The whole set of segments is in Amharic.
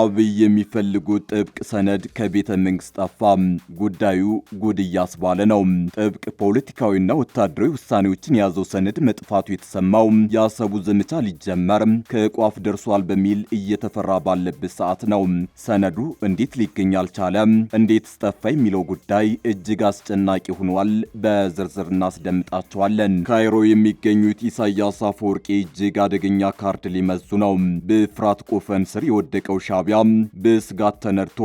አብይ የሚፈልጉት ጥብቅ ሰነድ ከቤተ መንግስት ጠፋ። ጉዳዩ ጉድ እያስባለ ነው። ጥብቅ ፖለቲካዊና ወታደራዊ ውሳኔዎችን የያዘው ሰነድ መጥፋቱ የተሰማው የአሰቡ ዘመቻ ሊጀመር ከቋፍ ደርሷል በሚል እየተፈራ ባለበት ሰዓት ነው። ሰነዱ እንዴት ሊገኝ አልቻለ፣ እንዴት ስጠፋ የሚለው ጉዳይ እጅግ አስጨናቂ ሆኗል። በዝርዝር እናስደምጣቸዋለን። ካይሮ የሚገኙት ኢሳያስ አፈወርቂ እጅግ አደገኛ ካርድ ሊመዙ ነው። ብፍራት ቆፈን ስር የወደቀው ሻቢያ በስጋት ተነድቶ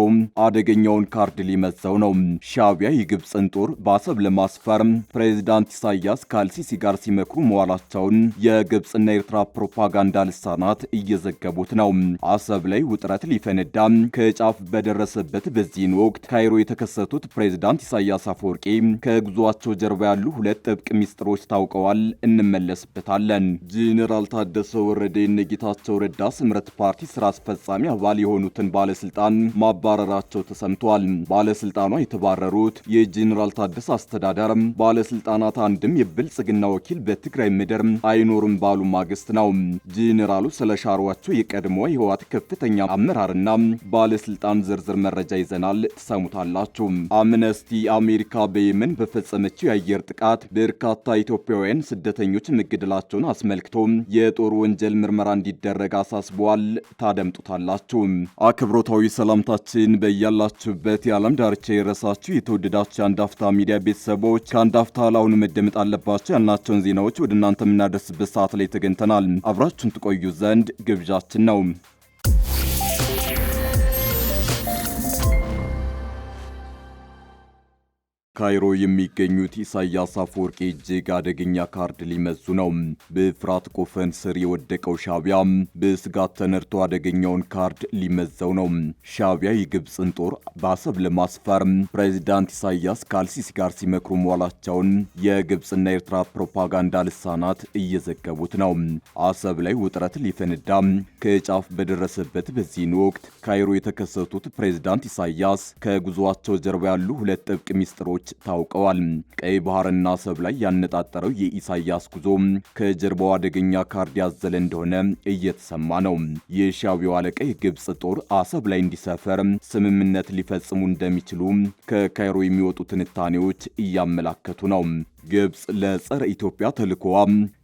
አደገኛውን ካርድ ሊመዘው ነው። ሻቢያ የግብፅን ጦር በአሰብ ለማስፈር ፕሬዚዳንት ኢሳያስ ከአልሲሲ ጋር ሲመክሩ መዋላቸውን የግብፅና ኤርትራ ፕሮፓጋንዳ ልሳናት እየዘገቡት ነው። አሰብ ላይ ውጥረት ሊፈነዳ ከጫፍ በደረሰበት በዚህን ወቅት ካይሮ የተከሰቱት ፕሬዚዳንት ኢሳያስ አፈወርቂ ከጉዞቸው ጀርባ ያሉ ሁለት ጥብቅ ሚስጥሮች ታውቀዋል። እንመለስበታለን። ጄኔራል ታደሰ ወረደ የነጌታቸው ረዳ ስምረት ፓርቲ ስራ አስፈጻሚ አባል የሆኑትን ባለስልጣን ማባረራቸው ተሰምቷል። ባለስልጣኗ የተባረሩት የጄኔራል ታደሰ አስተዳደር ባለስልጣናት አንድም የብልጽግና ወኪል በትግራይ ምድር አይኖርም ባሉ ማግስት ነው። ጄኔራሉ ስለ ሻሯቸው የቀድሞ የህወሓት ከፍተኛ አመራርና ባለስልጣን ዝርዝር መረጃ ይዘናል፣ ትሰሙታላችሁ። አምነስቲ አሜሪካ በየመን በፈጸመችው የአየር ጥቃት በርካታ ኢትዮጵያውያን ስደተኞች መገደላቸውን አስመልክቶ የጦር ወንጀል ምርመራ እንዲደረግ አሳስበዋል። ታደምጡታላችሁ። አክብሮታዊ ሰላምታችን በያላችሁበት የዓለም ዳርቻ የረሳችሁ የተወደዳችሁ የአንድ አፍታ ሚዲያ ቤተሰቦች ከአንድ አፍታ ለአሁኑ መደመጥ አለባቸው ያልናቸውን ዜናዎች ወደ እናንተ የምናደርስበት ሰዓት ላይ ተገኝተናል። አብራችሁን ትቆዩ ዘንድ ግብዣችን ነው። ካይሮ የሚገኙት ኢሳያስ አፈወርቂ እጅግ አደገኛ ካርድ ሊመዙ ነው። በፍራት ቆፈን ስር የወደቀው ሻቢያ በስጋት ተነድቶ አደገኛውን ካርድ ሊመዘው ነው። ሻቢያ የግብፅን ጦር በአሰብ ለማስፈር ፕሬዚዳንት ኢሳያስ ከአልሲሲ ጋር ሲመክሩ መዋላቸውን የግብፅና ኤርትራ ፕሮፓጋንዳ ልሳናት እየዘገቡት ነው። አሰብ ላይ ውጥረት ሊፈነዳ ከጫፍ በደረሰበት በዚህን ወቅት ካይሮ የተከሰቱት ፕሬዚዳንት ኢሳያስ ከጉዞአቸው ጀርባ ያሉ ሁለት ጥብቅ ሚስጥሮች ታውቀዋል። ቀይ ባህርና አሰብ ላይ ያነጣጠረው የኢሳያስ ጉዞ ከጀርባው አደገኛ ካርድ ያዘለ እንደሆነ እየተሰማ ነው። የሻቢው አለቃ የግብፅ ጦር አሰብ ላይ እንዲሰፈር ስምምነት ሊፈጽሙ እንደሚችሉ ከካይሮ የሚወጡ ትንታኔዎች እያመላከቱ ነው። ግብፅ ለጸረ ኢትዮጵያ ተልኮዋ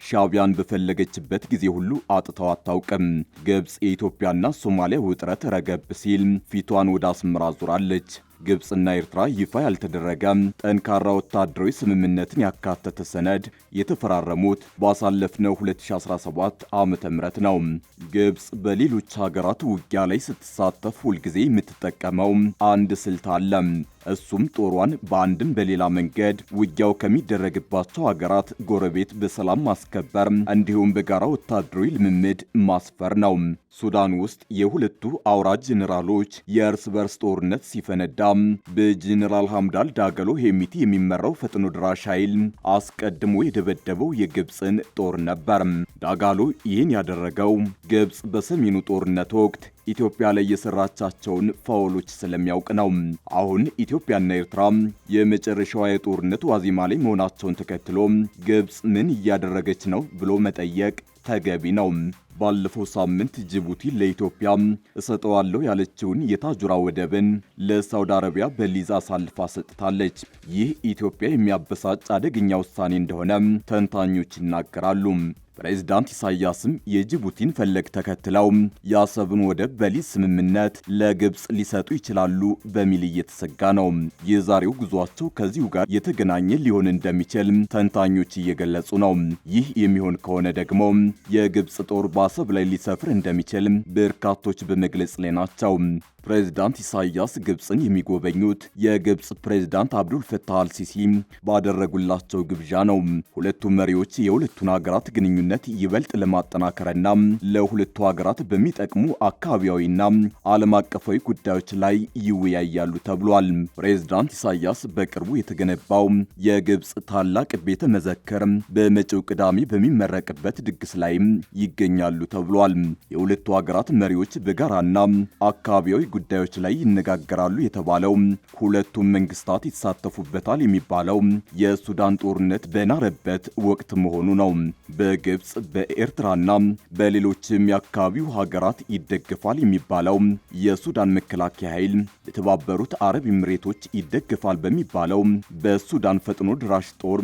ሻቢያን በፈለገችበት ጊዜ ሁሉ አጥተው አታውቅም። ግብፅ የኢትዮጵያና ሶማሊያ ውጥረት ረገብ ሲል ፊቷን ወደ አስመራ ዙራለች። ግብፅና ኤርትራ ይፋ ያልተደረገም ጠንካራ ወታደራዊ ስምምነትን ያካተተ ሰነድ የተፈራረሙት ባሳለፍነው 2017 ዓ.ም ነው። ግብፅ በሌሎች ሀገራት ውጊያ ላይ ስትሳተፍ ሁልጊዜ የምትጠቀመው አንድ ስልት አለ። እሱም ጦሯን በአንድም በሌላ መንገድ ውጊያው ከሚደረግባቸው ሀገራት ጎረቤት በሰላም ማስከበር እንዲሁም በጋራ ወታደራዊ ልምምድ ማስፈር ነው። ሱዳን ውስጥ የሁለቱ አውራጅ ጄኔራሎች የእርስ በርስ ጦርነት ሲፈነዳ በጄኔራል ሐምዳል ዳገሎ ሄሚቲ የሚመራው ፈጥኖ ድራሽ ኃይል አስቀድሞ የደበደበው የግብፅን ጦር ነበር። ዳጋሎ ይህን ያደረገው ግብፅ በሰሜኑ ጦርነት ወቅት ኢትዮጵያ ላይ የሰራቻቸውን ፋውሎች ስለሚያውቅ ነው። አሁን ኢትዮጵያና ኤርትራ የመጨረሻዋ የጦርነት ዋዜማ ላይ መሆናቸውን ተከትሎ ግብፅ ምን እያደረገች ነው ብሎ መጠየቅ ተገቢ ነው። ባለፈው ሳምንት ጅቡቲ ለኢትዮጵያ እሰጠዋለሁ ያለችውን የታጁራ ወደብን ለሳውዲ አረቢያ በሊዝ አሳልፋ ሰጥታለች። ይህ ኢትዮጵያ የሚያበሳጭ አደገኛ ውሳኔ እንደሆነ ተንታኞች ይናገራሉ። ፕሬዚዳንት ኢሳያስም የጅቡቲን ፈለግ ተከትለው የአሰብን ወደብ በሊዝ ስምምነት ለግብፅ ሊሰጡ ይችላሉ በሚል እየተሰጋ ነው። የዛሬው ጉዟቸው ከዚሁ ጋር የተገናኘ ሊሆን እንደሚችል ተንታኞች እየገለጹ ነው። ይህ የሚሆን ከሆነ ደግሞ የግብፅ ጦር በአሰብ ላይ ሊሰፍር እንደሚችል በርካቶች በመግለጽ ላይ ናቸው። ፕሬዚዳንት ኢሳያስ ግብፅን የሚጎበኙት የግብፅ ፕሬዚዳንት አብዱል ፈታህ አልሲሲ ባደረጉላቸው ግብዣ ነው። ሁለቱ መሪዎች የሁለቱን ሀገራት ግንኙነት ይበልጥ ለማጠናከርና ለሁለቱ ሀገራት በሚጠቅሙ አካባቢያዊና ዓለም አቀፋዊ ጉዳዮች ላይ ይወያያሉ ተብሏል። ፕሬዚዳንት ኢሳያስ በቅርቡ የተገነባው የግብፅ ታላቅ ቤተ መዘክር በመጪው ቅዳሜ በሚመረቅበት ድግስ ላይ ይገኛሉ ተብሏል። የሁለቱ ሀገራት መሪዎች በጋራና አካባቢያዊ ጉዳዮች ላይ ይነጋገራሉ የተባለው ሁለቱም መንግስታት ይሳተፉበታል የሚባለው የሱዳን ጦርነት በናረበት ወቅት መሆኑ ነው። በግብፅ በኤርትራና በሌሎችም የአካባቢው ሀገራት ይደገፋል የሚባለው የሱዳን መከላከያ ኃይል የተባበሩት አረብ ኤምሬቶች ይደገፋል በሚባለው በሱዳን ፈጥኖ ድራሽ ጦር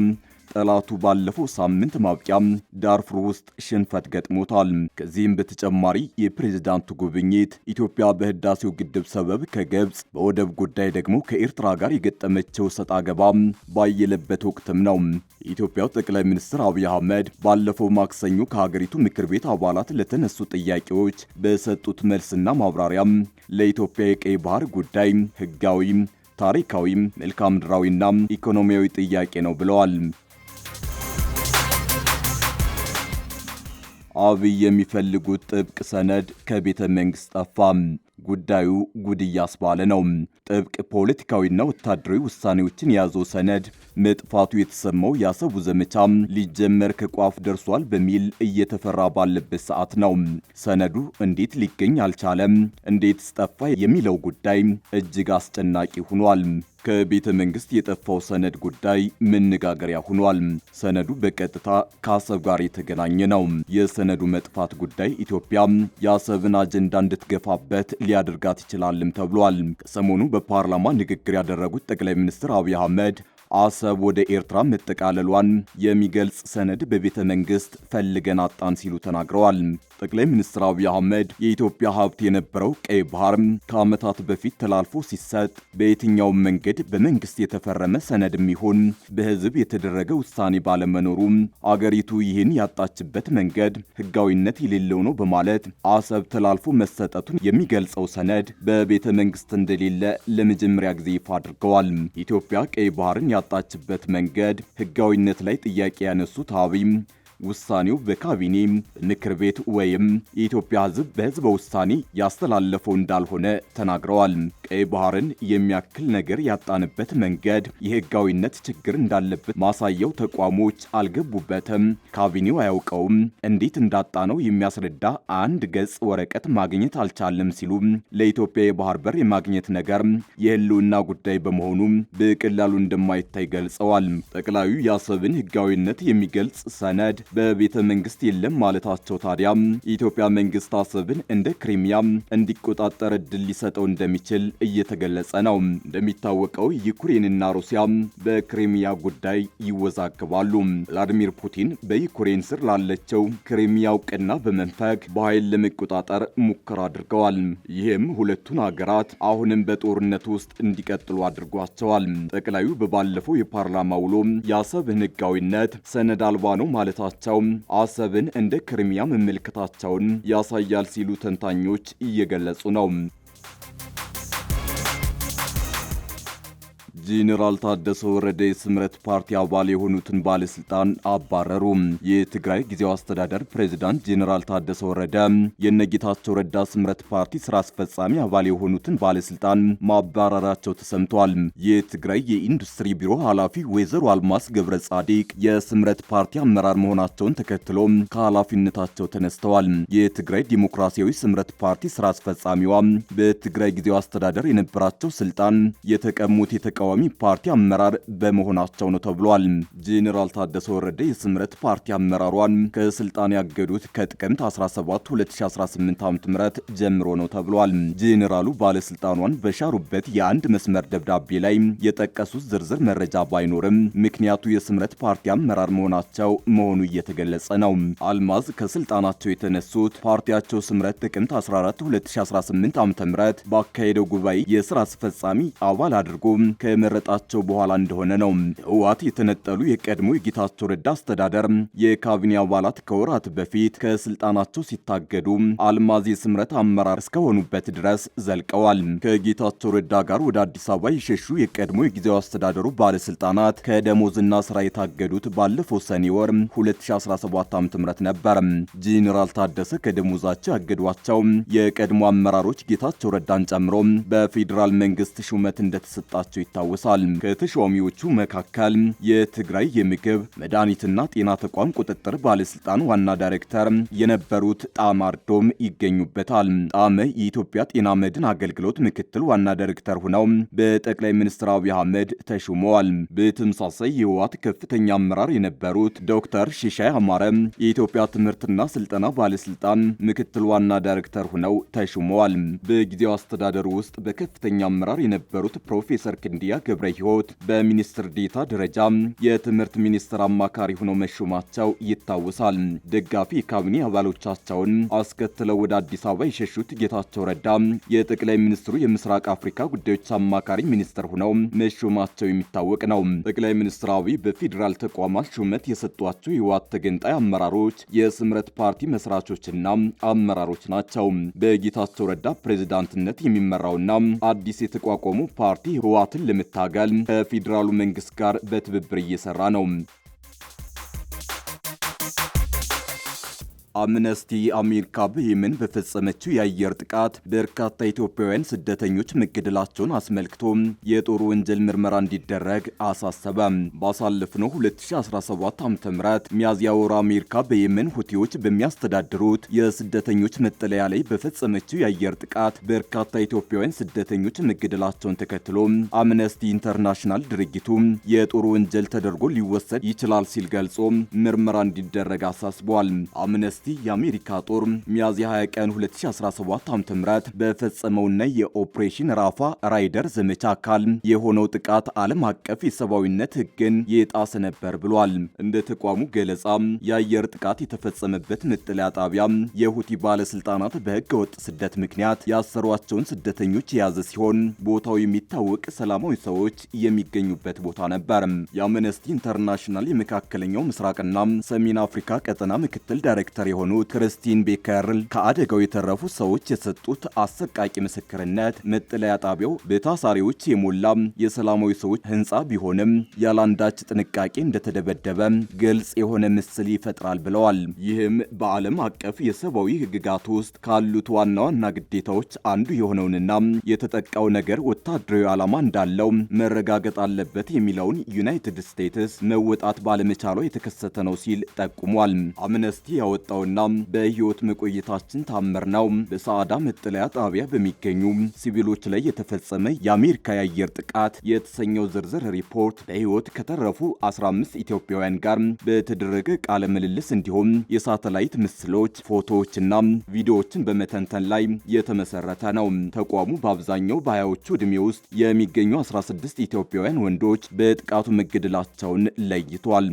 ጠላቱ ባለፈው ሳምንት ማብቂያ ዳርፉር ውስጥ ሽንፈት ገጥሞታል። ከዚህም በተጨማሪ የፕሬዝዳንቱ ጉብኝት ኢትዮጵያ በህዳሴው ግድብ ሰበብ ከግብፅ በወደብ ጉዳይ ደግሞ ከኤርትራ ጋር የገጠመቸው ሰጣ ገባ ባየለበት ወቅትም ነው። የኢትዮጵያው ጠቅላይ ሚኒስትር አብይ አህመድ ባለፈው ማክሰኞ ከሀገሪቱ ምክር ቤት አባላት ለተነሱ ጥያቄዎች በሰጡት መልስና ማብራሪያ ለኢትዮጵያ የቀይ ባህር ጉዳይ ህጋዊ ታሪካዊ መልክዓ ምድራዊና ኢኮኖሚያዊ ጥያቄ ነው ብለዋል። አብይ የሚፈልጉት ጥብቅ ሰነድ ከቤተ መንግስት ጠፋ። ጉዳዩ ጉድ እያስባለ ነው። ጥብቅ ፖለቲካዊና ወታደራዊ ውሳኔዎችን የያዘው ሰነድ መጥፋቱ የተሰማው የአሰቡ ዘመቻ ሊጀመር ከቋፍ ደርሷል በሚል እየተፈራ ባለበት ሰዓት ነው። ሰነዱ እንዴት ሊገኝ አልቻለም፣ እንዴት ስጠፋ የሚለው ጉዳይ እጅግ አስጨናቂ ሆኗል። ከቤተ መንግስት የጠፋው ሰነድ ጉዳይ መነጋገሪያ ሆኗል። ሰነዱ በቀጥታ ከአሰብ ጋር የተገናኘ ነው። የሰነዱ መጥፋት ጉዳይ ኢትዮጵያ የአሰብን አጀንዳ እንድትገፋበት ሊያደርጋት ይችላልም ተብሏል። ሰሞኑ በፓርላማ ንግግር ያደረጉት ጠቅላይ ሚኒስትር አብይ አህመድ አሰብ ወደ ኤርትራ መጠቃለሏን የሚገልጽ ሰነድ በቤተ መንግስት ፈልገን አጣን ሲሉ ተናግረዋል። ጠቅላይ ሚኒስትር አብይ አህመድ የኢትዮጵያ ሀብት የነበረው ቀይ ባህር ከዓመታት በፊት ተላልፎ ሲሰጥ በየትኛውም መንገድ በመንግስት የተፈረመ ሰነድም ይሁን በህዝብ የተደረገ ውሳኔ ባለመኖሩ አገሪቱ ይህን ያጣችበት መንገድ ህጋዊነት የሌለው ነው በማለት አሰብ ተላልፎ መሰጠቱን የሚገልጸው ሰነድ በቤተ መንግስት እንደሌለ ለመጀመሪያ ጊዜ ይፋ አድርገዋል። ኢትዮጵያ ቀይ ባህርን ያጣችበት መንገድ ህጋዊነት ላይ ጥያቄ ያነሱት አብይ ውሳኔው በካቢኔ ምክር ቤት ወይም የኢትዮጵያ ሕዝብ በሕዝበ ውሳኔ ያስተላለፈው እንዳልሆነ ተናግረዋል። ቀይ ባህርን የሚያክል ነገር ያጣንበት መንገድ የህጋዊነት ችግር እንዳለበት ማሳያው ተቋሞች አልገቡበትም፣ ካቢኔው አያውቀውም፣ እንዴት እንዳጣነው የሚያስረዳ አንድ ገጽ ወረቀት ማግኘት አልቻለም ሲሉ ለኢትዮጵያ የባህር በር የማግኘት ነገር የህልውና ጉዳይ በመሆኑ በቀላሉ እንደማይታይ ገልጸዋል። ጠቅላዩ የአሰብን ህጋዊነት የሚገልጽ ሰነድ በቤተ መንግስት የለም ማለታቸው ታዲያ የኢትዮጵያ መንግስት አሰብን እንደ ክሪሚያ እንዲቆጣጠር እድል ሊሰጠው እንደሚችል እየተገለጸ ነው። እንደሚታወቀው ዩክሬንና ሩሲያ በክሪሚያ ጉዳይ ይወዛግባሉ። ቭላድሚር ፑቲን በዩክሬን ስር ላለችው ክሪሚያ እውቅና በመንፈግ በኃይል ለመቆጣጠር ሙከራ አድርገዋል። ይህም ሁለቱን ሀገራት አሁንም በጦርነት ውስጥ እንዲቀጥሉ አድርጓቸዋል። ጠቅላዩ በባለፈው የፓርላማ ውሎ የአሰብን ህጋዊነት ሰነድ አልባ ነው ማለታቸው መሆናቸው አሰብን እንደ ክሪሚያ መመልከታቸውን ያሳያል ሲሉ ተንታኞች እየገለጹ ነው። ጄኔራል ታደሰ ወረደ የስምረት ፓርቲ አባል የሆኑትን ባለስልጣን አባረሩ። የትግራይ ጊዜያዊ አስተዳደር ፕሬዚዳንት ጄኔራል ታደሰ ወረደ የነጌታቸው ረዳ ስምረት ፓርቲ ስራ አስፈጻሚ አባል የሆኑትን ባለስልጣን ማባረራቸው ተሰምቷል። የትግራይ የኢንዱስትሪ ቢሮ ኃላፊ ወይዘሮ አልማስ ገብረ ጻዲቅ የስምረት ፓርቲ አመራር መሆናቸውን ተከትሎ ከኃላፊነታቸው ተነስተዋል። የትግራይ ዲሞክራሲያዊ ስምረት ፓርቲ ስራ አስፈጻሚዋ በትግራይ ጊዜያዊ አስተዳደር የነበራቸው ስልጣን የተቀሙት የተቃዋ የተቃዋሚ ፓርቲ አመራር በመሆናቸው ነው ተብሏል። ጄኔራል ታደሰ ወረደ የስምረት ፓርቲ አመራሯን ከስልጣን ያገዱት ከጥቅምት 17 2018 ዓ.ም ጀምሮ ነው ተብሏል። ጄኔራሉ ባለስልጣኗን በሻሩበት የአንድ መስመር ደብዳቤ ላይ የጠቀሱት ዝርዝር መረጃ ባይኖርም ምክንያቱ የስምረት ፓርቲ አመራር መሆናቸው መሆኑ እየተገለጸ ነው። አልማዝ ከስልጣናቸው የተነሱት ፓርቲያቸው ስምረት ጥቅምት 14 2018 ዓ.ም ባካሄደው ጉባኤ የስራ አስፈጻሚ አባል አድርጎ ከመረጣቸው በኋላ እንደሆነ ነው። ህወሓት የተነጠሉ የቀድሞ የጌታቸው ረዳ አስተዳደር የካቢኔ አባላት ከወራት በፊት ከስልጣናቸው ሲታገዱ አልማዝ የስምረት አመራር እስከሆኑበት ድረስ ዘልቀዋል። ከጌታቸው ረዳ ጋር ወደ አዲስ አበባ የሸሹ የቀድሞ የጊዜው አስተዳደሩ ባለስልጣናት ከደሞዝና ስራ የታገዱት ባለፈው ሰኔ ወር 2017 ዓ.ም ነበር። ጄኔራል ታደሰ ከደሞዛቸው ያገዷቸው የቀድሞ አመራሮች ጌታቸው ረዳን ጨምሮ በፌዴራል መንግስት ሹመት እንደተሰጣቸው ይታወቃል። ይታወሳል። ከተሿሚዎቹ መካከል የትግራይ የምግብ መድኃኒትና ጤና ተቋም ቁጥጥር ባለስልጣን ዋና ዳይሬክተር የነበሩት ጣማርዶም አርዶም ይገኙበታል። ጣመ የኢትዮጵያ ጤና መድን አገልግሎት ምክትል ዋና ዳይሬክተር ሆነው በጠቅላይ ሚኒስትር አብይ አህመድ ተሹመዋል። በተመሳሳይ የህወሓት ከፍተኛ አመራር የነበሩት ዶክተር ሺሻይ አማረ የኢትዮጵያ ትምህርትና ስልጠና ባለስልጣን ምክትል ዋና ዳይሬክተር ሆነው ተሹመዋል። በጊዜው አስተዳደሩ ውስጥ በከፍተኛ አመራር የነበሩት ፕሮፌሰር ክንዲያ ገብረ ሕይወት በሚኒስትር ዴታ ደረጃ የትምህርት ሚኒስትር አማካሪ ሆነው መሾማቸው ይታወሳል። ደጋፊ የካቢኔ አባሎቻቸውን አስከትለው ወደ አዲስ አበባ የሸሹት ጌታቸው ረዳ የጠቅላይ ሚኒስትሩ የምስራቅ አፍሪካ ጉዳዮች አማካሪ ሚኒስትር ሆነው መሾማቸው የሚታወቅ ነው። ጠቅላይ ሚኒስትር አብይ በፌዴራል ተቋማት ሹመት የሰጧቸው የህወሓት ተገንጣይ አመራሮች የስምረት ፓርቲ መስራቾችና አመራሮች ናቸው። በጌታቸው ረዳ ፕሬዚዳንትነት የሚመራውና አዲስ የተቋቋሙ ፓርቲ ህወሓትን ለመ ለመታገል ከፌዴራሉ መንግስት ጋር በትብብር እየሰራ ነው። አምነስቲ አሜሪካ በየመን በፈጸመችው የአየር ጥቃት በርካታ ኢትዮጵያውያን ስደተኞች መገደላቸውን አስመልክቶ የጦር ወንጀል ምርመራ እንዲደረግ አሳሰበም። ባሳለፍነው 2017 ዓ.ም ሚያዝያ ወር አሜሪካ በየመን ሁቲዎች በሚያስተዳድሩት የስደተኞች መጠለያ ላይ በፈጸመችው የአየር ጥቃት በርካታ ኢትዮጵያውያን ስደተኞች መገደላቸውን ተከትሎ አምነስቲ ኢንተርናሽናል ድርጊቱ የጦር ወንጀል ተደርጎ ሊወሰድ ይችላል ሲል ገልጾ ምርመራ እንዲደረግ አሳስቧል። አምነስቲ ዩኒቨርሲቲ የአሜሪካ ጦር ሚያዝያ 20 ቀን 2017 ዓ.ም በፈጸመውና የኦፕሬሽን ራፋ ራይደር ዘመቻ አካል የሆነው ጥቃት ዓለም አቀፍ የሰብአዊነት ሕግን የጣሰ ነበር ብሏል። እንደ ተቋሙ ገለጻ የአየር ጥቃት የተፈጸመበት መጠለያ ጣቢያ የሁቲ ባለስልጣናት በህገ ወጥ ስደት ምክንያት ያሰሯቸውን ስደተኞች የያዘ ሲሆን ቦታው የሚታወቅ ሰላማዊ ሰዎች የሚገኙበት ቦታ ነበር። የአምነስቲ ኢንተርናሽናል የመካከለኛው ምስራቅና ሰሜን አፍሪካ ቀጠና ምክትል ዳይሬክተር የሆኑት ክርስቲን ቤከርል ከአደጋው የተረፉ ሰዎች የሰጡት አሰቃቂ ምስክርነት መጠለያ ጣቢያው በታሳሪዎች የሞላ የሰላማዊ ሰዎች ሕንፃ ቢሆንም ያላንዳች ጥንቃቄ እንደተደበደበ ግልጽ የሆነ ምስል ይፈጥራል ብለዋል። ይህም በዓለም አቀፍ የሰብአዊ ህግጋት ውስጥ ካሉት ዋና ዋና ግዴታዎች አንዱ የሆነውንና የተጠቃው ነገር ወታደራዊ ዓላማ እንዳለው መረጋገጥ አለበት የሚለውን ዩናይትድ ስቴትስ መወጣት ባለመቻሏ የተከሰተ ነው ሲል ጠቁሟል። አምነስቲ ያወጣው ነውና በህይወት መቆየታችን ታምር ነው። በሰዓዳ መጠለያ ጣቢያ በሚገኙ ሲቪሎች ላይ የተፈጸመ የአሜሪካ የአየር ጥቃት የተሰኘው ዝርዝር ሪፖርት በሕይወት ከተረፉ 15 ኢትዮጵያውያን ጋር በተደረገ ቃለ ምልልስ እንዲሁም የሳተላይት ምስሎች፣ ፎቶዎችና ቪዲዮዎችን በመተንተን ላይ የተመሰረተ ነው። ተቋሙ በአብዛኛው በሀያዎቹ ዕድሜ ውስጥ የሚገኙ 16 ኢትዮጵያውያን ወንዶች በጥቃቱ መገደላቸውን ለይቷል።